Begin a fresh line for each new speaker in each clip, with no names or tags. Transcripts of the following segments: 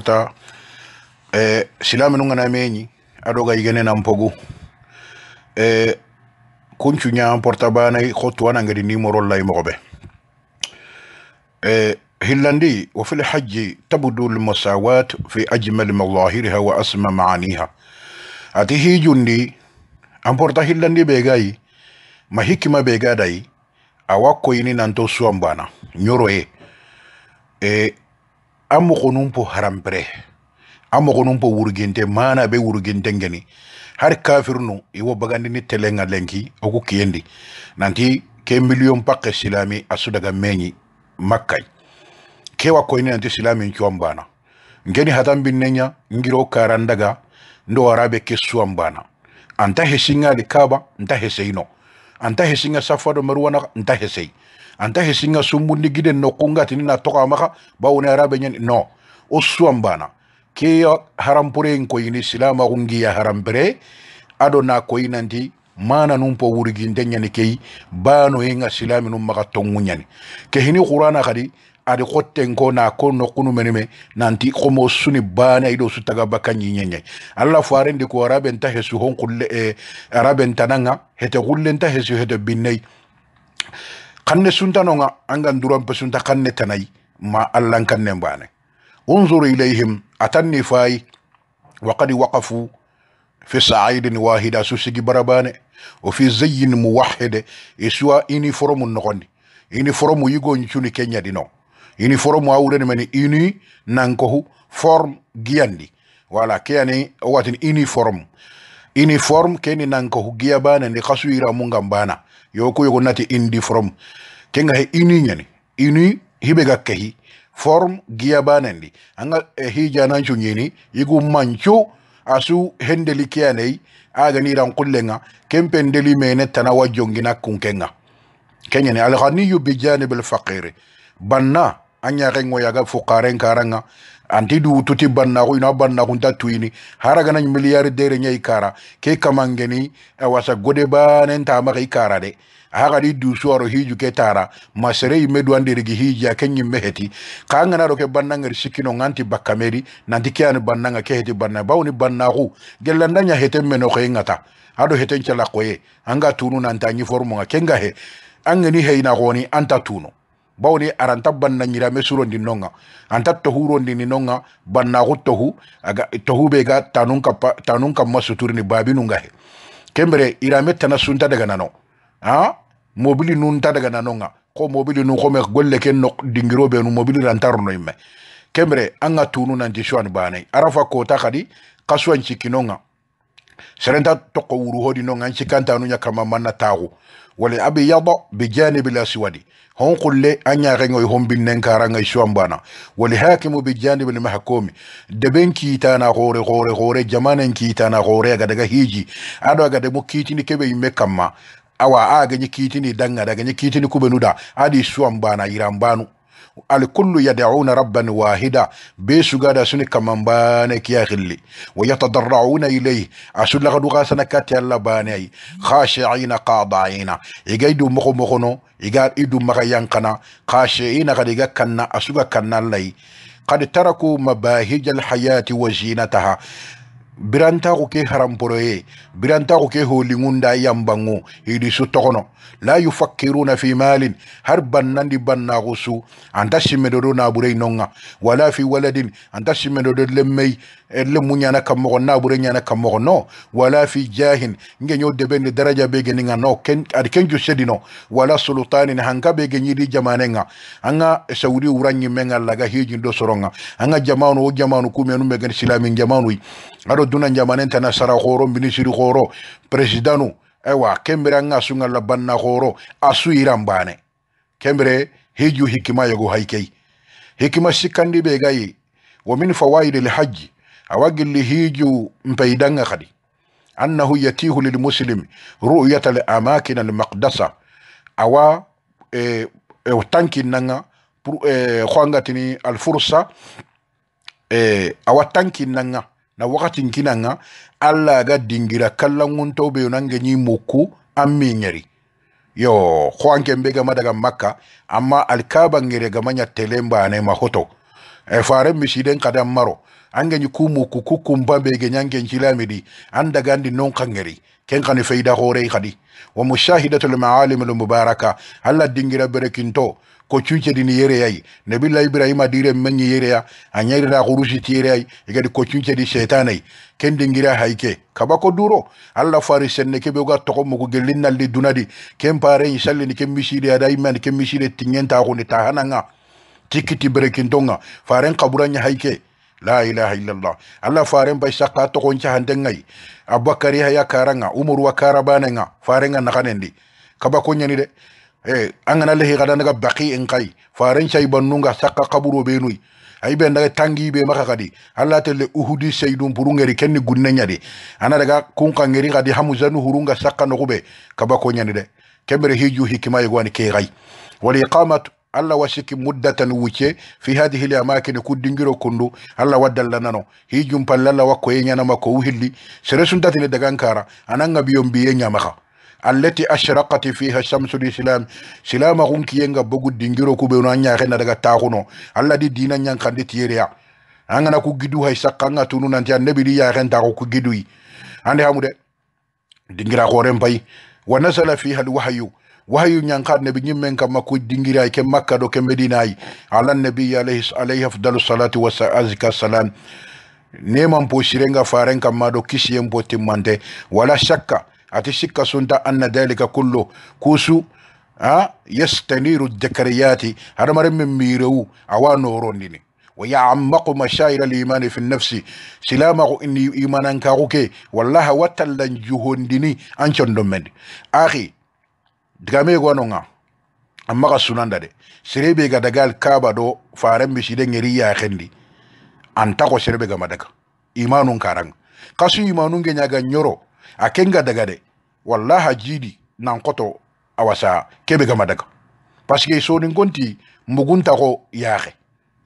ta eh, nunga na meñi adoga yigene na mpogu eh, nya porta na ngadi ni moro lay moxoɓe eh, hillandi wa fi lhaji tabdu masawat fi ajmal mawahirha wa asma maaniha ati hijundi an porta hillandi ɓe gayi ma hikkima ɓe nanto suwan bana ñoroye eh, amogonumpo harampere amogonumpo wurgente mana be wurgente ngeni har kafirunu iwo bagandini telenga lenki oku kiendi nanti ke million pakke silami asudaga meñi makkay wa koyni nanti silami cuwan wambana ngeni hatan binneña ngiro karandaga ndo arabe ke suwan bana anta hesinga likaba nta heseino anta hesinga safado maruwana nta hesei anta hesinga sumbundi giden nokkungati ni na toka maka bawone arabe nyani no o suwan bana keya nko yini silama kungiya harampere ado na koyinanti mana numpo po wuriginte ñani keyi bano yenga silami numma katongu nyani ñani ke hini qurana kadi adi kote nko na kono kunu menime nanti xomo suni bane ayido su taga bakka ñiñeñay eh, alla farendi ko arabenta hesu hon qulle e arabentananga hete qullenta hesu hete binnei kanne suntanonga angan durampe sunta kanne tanayi ma allan kannen bane unzur ilayhim atanni fayi waqad waqafu في سعيد واحد أسوسي بربانة وفي زي موحدة إسوا إني فرم النغني إني فرم يجون يشوني كينيا دينو إني فرم أورن من إني نانكوه فرم جياندي ولا كياني واتن إني فرم uniforme keni nanka hu giya bana ndi xa suyira mu ngam bana yokuyo ko nati indiforme ke nga he uni ñani uni hibe ga kehi forme giya bana ndi anga eh, hijananco ñini yigu manco a su hendeli keyaneyi aganiran qulle nga kempe ndeli mene tana wa jongina kunke nga ke ñani alxa ni yu bi janibel faqire banna a ñaxengo yaga fuqaren karan nga anti dugu tuti bannaku ina bannakunta tuyini haragana miliyardere ɲa i kara ke kamangeni eh, wasa gode banen tamaga i kara de ahagadi dusuwaro hiju ke tara masere yimme duwandirigi hija ke ñimme heti ka ganaro ke bannangeri sikkino ganti bakkamedi nanti keani bannanga ke heti banna bawni bannaku gellandaña heten meno koye ŋata aɗo heten cala koye anga tunu nanta ñiformoga kenga he an geni heyina anta tuno bawni aranta banna ñirame surondi nonga anta tohurondi ni nonga bannaku tohu aga tohu be ga tanun kappa tanun kamma suturini babinu ngahe kembere irame tana sunta daga nano a mobili nun ta daga nano nga ko mobili nun kome golle ke no dingiro be nu mobili rantar no imme kembere anga tunu nanti suwan bane arafa kota kadi kasuwan cikinonga serenta tokko wuru hodi non an sikanta anu ñakkama manna taxu wala abi yado bi janibi la siwadi hon qulle anya rengo i hombin nen karanga i suambana wala hakimu bi janibi lima hakomi deben kiitana xore xore xore jamanen kiitana xore aga daga hiji ado aga demo kiitini kebe yimme kamma awa a gañi kiitini danga daga ñi kiitini kubenuda adi suambana yirambanu الكل يدعون ربا واحدا بيسوغادا سوني كمان بانك يا غلي ويتضرعون إليه أسول لغدو غاسنا كاتي الله باني خاشعين قاضعين يدو مخو مخونو يجار إيدو مغيانقنا خاشعين غدقا كنا أسوغا كنا لي قد تركوا مباهج الحياة وزينتها biranta ko ke haramporoye biranta ko ke holigunda yambango hidi su tokono la yufakiruna fi malin har bannandi bannako su anta simmedodo naburei nonga wala fi waladin anta simmedodo lemmei e lemu ñana kammoko naburei ñana kammoko no wala fi jahin ngeño debenni daraja be geninga no ken adi ken jussedino wala sultanin hanka be geñidi jamanenga anga saudi wuranñimmenga laga hijindo soronga anga jamanu o jamanu kumenu megen silamin jamanuy aɗo alo duna jamanentana sara xooro minisiri xooro présidentu aywa kembire anga sungalla banna xooro a suyiran baane kembire hiju hikima yogu haykey hikima sikkandi be gayi wo min fawayid l hajji awa gilli hiju mpeydanga xadi annahu yatihu lilmuslim ruyata l amakin almaqdasa awa eh, eh, tankinnanga xoangatini e, eh, alfursa eh, awa tankinnanga na wakati nkinanga allah ga dingira kalla ŋun taw be yo nange ñi mukku an mi ŋeri yo ho anken be gama daga makka amma alkaba ŋere gama ña telembane ma hoto e fare misiden kadan maro ange ñi ku mukku ku kumba be ge ñange ncilamidi an daga andi non ka ŋeri ken kani feida horey kadi wa mushahidatu lmaalim lmubaraka allah dingira bere kinto ko cuncedi ni yere yayi nabilla ibrahima dire menyi yere ya anyari na kurushi tiere yayi igadi ko cuncedi shaytanai kende ngira haike kaba ko duro alla fari senne kebe toko mugo gelin nalli dunadi kem pare inshallah ni kem mishide ada iman kem mishide tingenta ko ni tahananga tikiti brekin faren kaburanya haike la ilahe illallah allah faren bay sakka togonca handengay. ngayi abubakari haya karanga umaru wa karabanenga farenga nakanendi kaba ko ñani de e an gana lehi gada naga baki in kai faren shay bannunga sakka kaburo be nuy ay be naga tangi be maka kadi alla tele uhudi shaydum burungeri kenni gunne nyade ana daga kun kan ngeri kadi hamuzanu hurunga sakka no kubbe kaba ko nyane de kemre hiju hikima yego an ke gai wal iqamatu alla wasiki muddatan wuce fi hadhihi al amakin kudingiro kundu alla waddal lanano hijum pallalla wakko yenyana mako uhilli seresun datine daga ankara ananga biyo biye nyamaka allati ashrakati fiha chamsu lislam silama xunkiyenga bogudi ngiro kuɓeuna ñaxena daga taxuno allah di dina ñankandi tiyereya angana ku gidu hay sakkanga tunu nanti a nebidi yaxentaxo ku gidui ande xamude dingira xoren pay wa nasala fiha lwahyu wahyu ñanka nebi ñimmen kamma ku dingiraay ke makka do ke medinaay ala nabiy alayhi afdalu salatu wazika salam neman po sirenga faren kamma do kisiyen po timmante wala chakka ati sikka sunta anna dalika kullu kuusu haa yastaniru dakariyati har marin min mirewu awa noron ni wa ya'ammaqu mashaira al-iman fi an-nafs silama inni imanan ka kuke wallahi watallan juhondini an chondon men akhi digame gononga amma ka sunanda de serebe ga dagal kaba do faran bishi den yari ya khandi an ta ko serebe ma daga imanun karang kasu imanun genya ga nyoro a kenga daga de wallaha jiiɗi nankoto a wasa keɓe gama daga parceque soni gonti mugunta ko yaaxe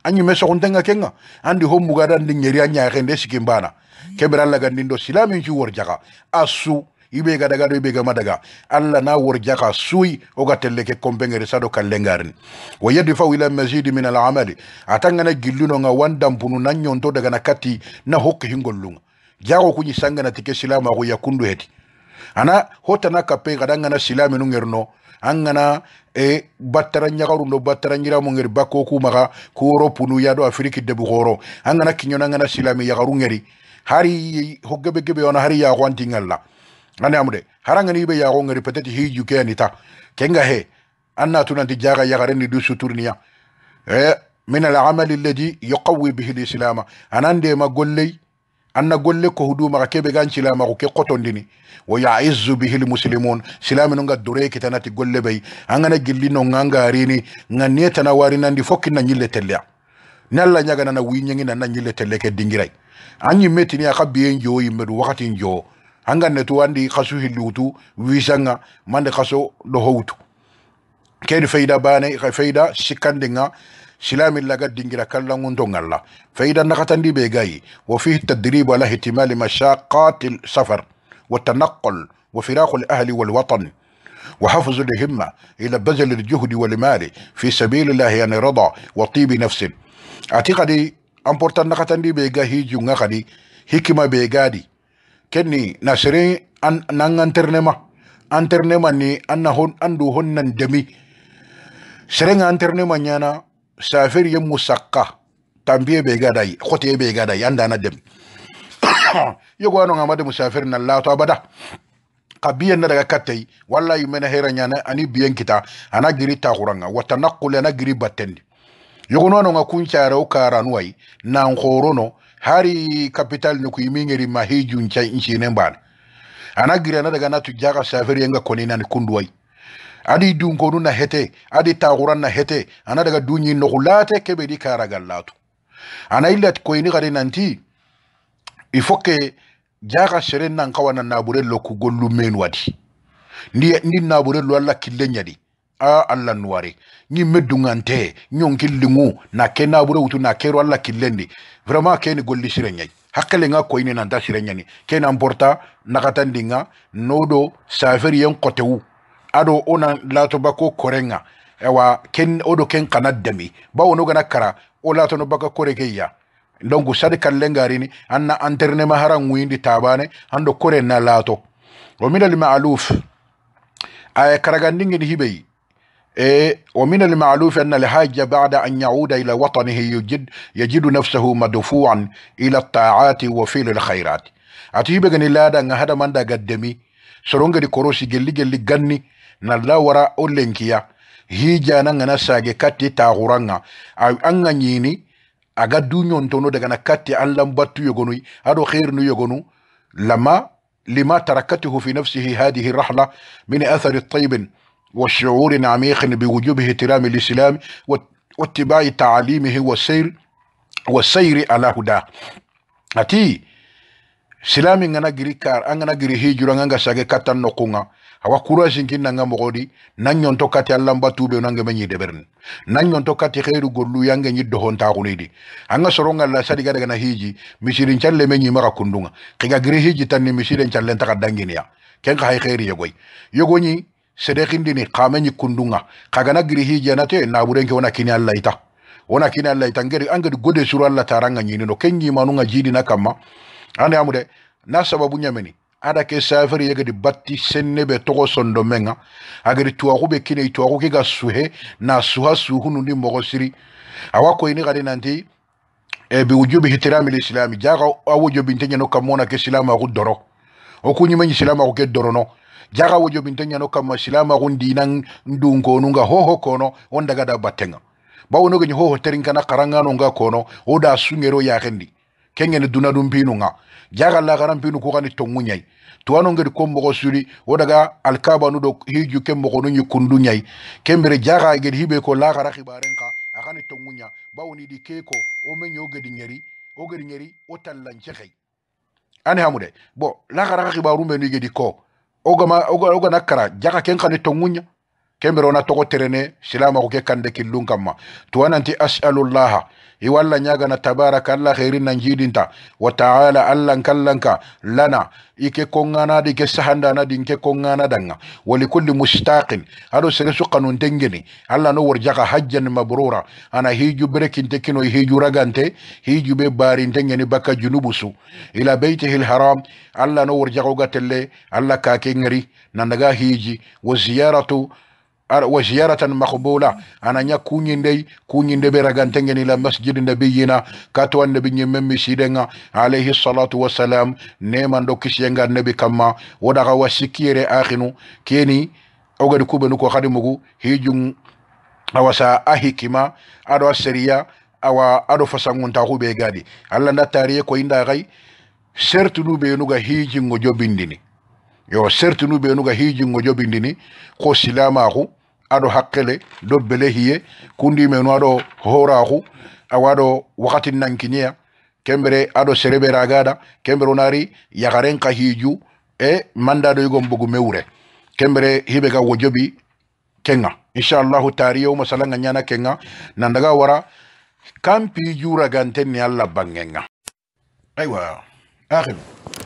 a ñume soxuntenga kenga andi ho mugada ndi ñeri a ñaaxe nde sikki mbana keɓera laga ndin do silamin cu wor jaxa a su i ɓega daga do i ɓega ma daga allah na wor jaxa suy o ga telle ke kompengere sa do kallengarini wa yadi faw ila masidi min al amali a tangana gillunonga wan dampunu na ñonto daga na kati na hokki hingol lunga jaxo kuñi sanganati ke silamu axu yakundu heti ana hotana kappe xada ngana silame nu ngerno angana e battara ñaxaru ndo battara ñiramu ngeri bakko ku maxa ku europe nu yaado afrique debu xooro angana kiñona ngana silame yaxaru ngeri hari hogebe gebe ona hari yaxo antingal la ane amude hara ngani yibe yaxo ngeri peut être hiju ke anita ke nga he an natunanti jaxa yaxarenni du suturnia e min al amal alladi yuqawi bihi lislama anandema golley anna golle ko huɗumaka keɓe gan silamako ke qotondini wo yaizu bihi lmuslimun silami noga dureki tanati golle ɓey angana gillino gangarini ganniye tana warinandi fokkinna ñille telleya ni allah ñaganana wiñegi nanna ñille telle ke dingiray an ñimmetini a xa biyen jo yimmedu wakati jo anga netu andi xasu hillutu wisanga mande xaso ɗoho wutu keni feyda bane fayda sikkandinga سلام الله قد دينجرا كلا وندون الله فإذا لي بيغاي وفيه التدريب على احتمال مشاقات السفر والتنقل وفراق الأهل والوطن وحفظ الهمة إلى بذل الجهد والمال في سبيل الله يعني رضا وطيب نفس أعتقد أمبورتان نغتندي بيغاي جنغا غدي hikima be gadi kenni nasire an nan anternema anternema ni anna hon andu honnan demi serenga anternema safir yin musakka tambiye bai gadai khote bai gadai anda na dem yogo anon amade musafir nan la to abada kabiyan na daga katai wallahi mena heran yana ani biyan kita ana giri ta kuranga wata nakule na giri batendi yogo nono nga kuncha ra ukara nuwai na nkorono hari capital ni kuimingeri mahiju ncha nchi nembana ana giri na daga na safir konina ni kunduwai adi na hete adi na hete ana daga dunyi noxulate kebe di karagallatu ana ila koyini xade nanti ifoke jaga shere jaxa seren nan xawana naburello ku gollu menu ni ndi ndi naburello alla kille nyadi a alla nuwari ñi meddungante ñonki lingu na ke nabure utu na kero alla killendi vraiment keni golli nyadi hakkele nga koyini nanta sirenñani kena porta nakatandinga nodo saferi yen kotewu ado ona lato bako korenga ewa ken odo ken kana ba wono gana kara o lato no baka kore keya donc sadi kallen garini anna enternement mahara nguindi tabane hando kore na lato wa min al-ma'luf ay karagandingi ni hibei إيه ومن المعلوف أن الحاج بعد أن يعود إلى وطنه يجد, يجد نفسه مدفوعا إلى الطاعات وفعل الخيرات أتيبغني لا دا هذا من دا قدمي سرونغ دي كروسي جلي جلي جني na lawara o hija hijana ngana sage katti taxuranga an ga ñini aga duñontono dagana katti an lambattu yogonuy aɗo xerinu yogonu lama لما تركته في نفسه هذه الرحلة من أثر طيب وشعور عميق بوجوب احترام الإسلام واتباع تعاليمه والسير والسير على هداه أتي سلام أنا جري أنا جري هجر أنا ساجي كاتن نقونا awa courage ngi nanga mogodi nanyon yonto kati allamba tube nanga menyi debern nanyon yonto kati khairu gollu yanga nyi dohon ta kunidi anga soronga la sadi gade gana hiji misirin challe menyi mara kundunga kiga giri hiji tanni misirin challe ntaka danginia ken ka hay khairi yogoy yogoni sedekindi ni kamenyi kundunga na giri hiji na te na burenke wona kini alla ita wona kini alla ita ngere anga du gode sura alla taranga no kenyi manunga jidi nakama ane amude na sababu nyameni ada ke safiri yegedi batti senne ɓe togo sondo men ga agedi tuwaku ɓe kine tuwaku ke ga suhe na suha suhunundi mogo siri awa koyini kadi nanti e eh, bi wujubi hitirami lislami jaga awojobinte ñano kammona ke silamaku doro o kuñimeñi silamaku ke dorono jaga wojobinte ñano kamma silamaku ndina ndunkonu ga hoho kono on dagada batte ga bawonogeñi hoho terin kana karangano nga kono o da sungero yakendi kengeni duna dum pinu nga jaga la garan pinu ko kani tongu nyai to wano ngedi ko mbo suri wo daga alkaba nu do hiju kembo ko nuny kundu nyai kembere jaga gedi hibe ko la garaki baren ka akani tongu nya bawni di keko o menyo gedi nyeri o gedi nyeri o tan lan chekhai ani hamude bo la garaki barumbe ni gedi ko o gama o gana kara jaga ken kani tongu nyai kemerona togo terene silamaku ke kande killun kamma tuwananti asalullaha iwalla ñagana tabaraka allah heri nan jiidinta wa taala allan kallanka lana ike konganadi ke sahandanadi nke konganadanga wali kulli mustaqin aɗo sere sukanun tengeni allah no worjaka hajjan mabrura ana hiju berekinte kino hiju ragante hiju be barintengeni bakka junubusu ila beitihi lharam allah no worjaka ugatelle allah kake ngeri nandaga hiji wa ziyaratu aɗa wa ziyara tan makbula ana ña kuñindey kuñinde ɓe ragantegenila masjide nabiyina katowan nabi ñimmenmi sidenga alayhi salatu wassalam neman ɗo kisiyenga nabi kamma woɗaka wa sikkiyere ahinu keni ogadi kuɓenu ko hadi mugu hijum awa sa ahikima aɗo a séria awa aɗo fasangunta huɓe gadi allah nda tariye ko yinda hay certu nu ɓeenuga hijingo jobindini yo certu nu ɓeenuga hijingo jobindini ko silamaku aɗo hakqele dobbele hiye kundimen aɗo horaku awaɗo wakati nankiniya kembere aɗo serebe ragaɗa kembere onari yakaren ka hiju e mandaɗo yigon bogu mewre kembere hiɓe ga wo joɓi kenga inchallahu taari yewma salanga ñana kenga nandaga wara kampi juraganten ni allah bangenga aywa ahilu